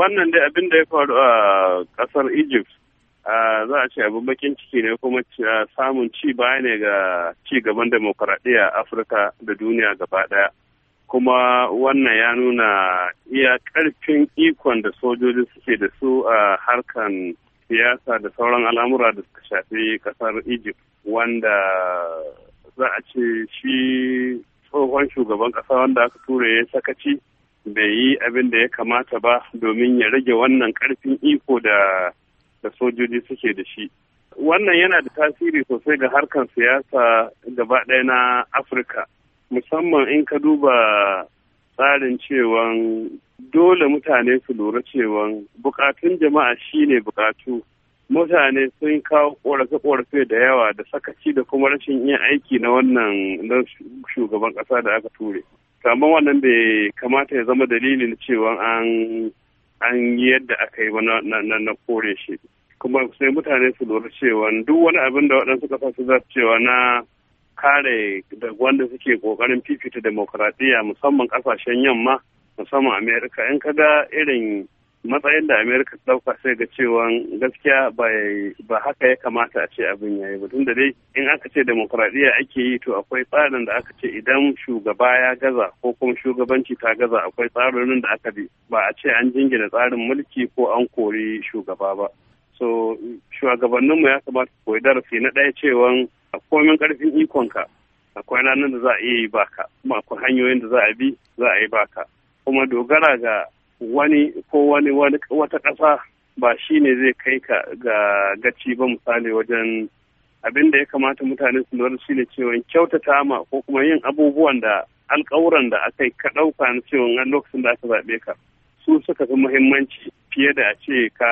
wannan da abin da ya faru a kasar egypt za a ce abin bakin ciki ne kuma samun ci baya ne ga ci gaban a afirka da duniya gaba ɗaya. kuma wannan ya nuna iya karfin ikon da sojoji suke da su a harkan siyasa da sauran al'amura da suka shafi kasar egypt wanda za a ce shi tsohon shugaban kasa wanda aka ture ya sakaci bai yi abin da ya kamata ba domin ya rage wannan karfin iko da da sojoji suke da shi wannan yana da tasiri sosai ga harkar siyasa gaba ɗaya na afirka musamman in ka duba tsarin cewa dole mutane su lura cewan bukatun jama'a shine bukatu mutane sun kawo korafe-korafe da yawa da sakaci da kuma rashin yin aiki na wannan shugaban ƙasa da aka ture kama wannan bai kamata ya zama dalilin cewa an an yadda aka yi na kore shi kuma sai mutane su lura cewa duk wani abin da waɗansu su za su cewa na kare da wanda suke ƙoƙarin fifita demokradiyya musamman ƙasashen yamma musamman amerika in kaga irin matsayin da amerika ta dauka sai ga cewa gaskiya ba haka ya kamata a ce abin yayi ba tun da dai in aka ce demokradiyya ake yi to akwai tsarin da aka ce idan shugaba ya gaza ko kuma shugabanci ta gaza akwai tsarin da aka bi ba a ce an jingina tsarin mulki ko an kori shugaba ba so shugabanninmu ya kamata koyi darasi na ɗaya cewa komin ƙarfin ikonka akwai ranar da za a iya yi baka kuma akwai hanyoyin da za a bi za a yi baka kuma dogara ga wani ko wani wata ƙasa ba shi ne zai kai ka ga gaci ba misali wajen abin da ya kamata mutane su lura shi ne cewa kyautata ma ko kuma yin abubuwan da alƙawuran da aka yi ka ɗauka na cewa an lokacin da aka zaɓe ka su suka fi muhimmanci fiye da a ce ka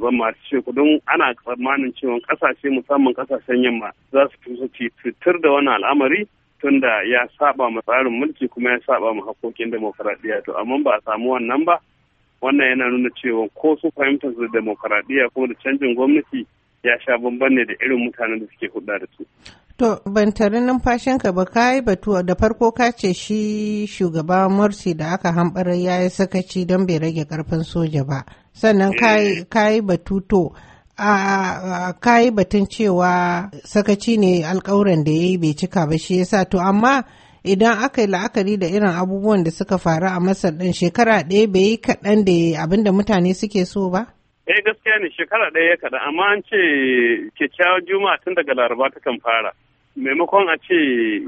zama ce kudin ana tsammanin cewa ƙasashe musamman ƙasashen yamma za su fi su fitar da wani al'amari tunda ya saba ma tsarin mulki kuma ya saba ma hakokin demokaradiyya to amma ba a samu wannan ba wannan yana nuna cewa ko su fahimtar da demokaradiyya ko da canjin gwamnati ya sha bamban ne da irin mutanen da suke hudda da su. To ban tare numfashinka ba ka yi batu da farko ka ce shi shugaba Morsi da aka hambara ya yi sakaci don bai rage karfin soja ba. Sannan ka yi eh. batu to a kayi batun cewa sakaci ne alkawuran da ya yi bai cika ba shi yasa to amma idan aka yi la'akari da irin abubuwan da suka faru a masar ɗin shekara ɗaya bai yi kaɗan da abin da mutane suke so ba? eh gaskiya ne shekara ɗaya ya kaɗan amma an ce kyakkyawar juma'a tun daga laraba ta kan fara maimakon a ce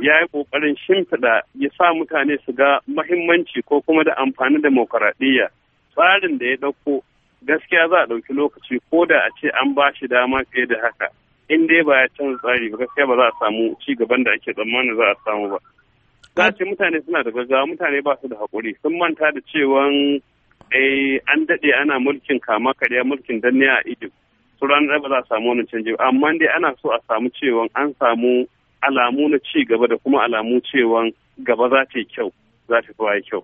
ya yi ƙoƙarin shimfiɗa ya sa mutane su ga mahimmanci ko kuma da amfani da tsarin da ya ɗauko gaskiya za a ɗauki lokaci ko da a ce an ba shi dama fiye da haka in dai ba ya canza tsari ba gaskiya ba za a samu ci gaban da ake tsammanin za a samu ba za a ce mutane suna da gaggawa mutane ba su da haƙuri sun manta da cewan eh, an daɗe ana mulkin kama karya mulkin danne a egypt su ranar ba za a samu wani canji amma dai ana so a samu cewan an samu alamu na ci gaba da kuma alamu cewan gaba za ta yi kyau za ta fi kyau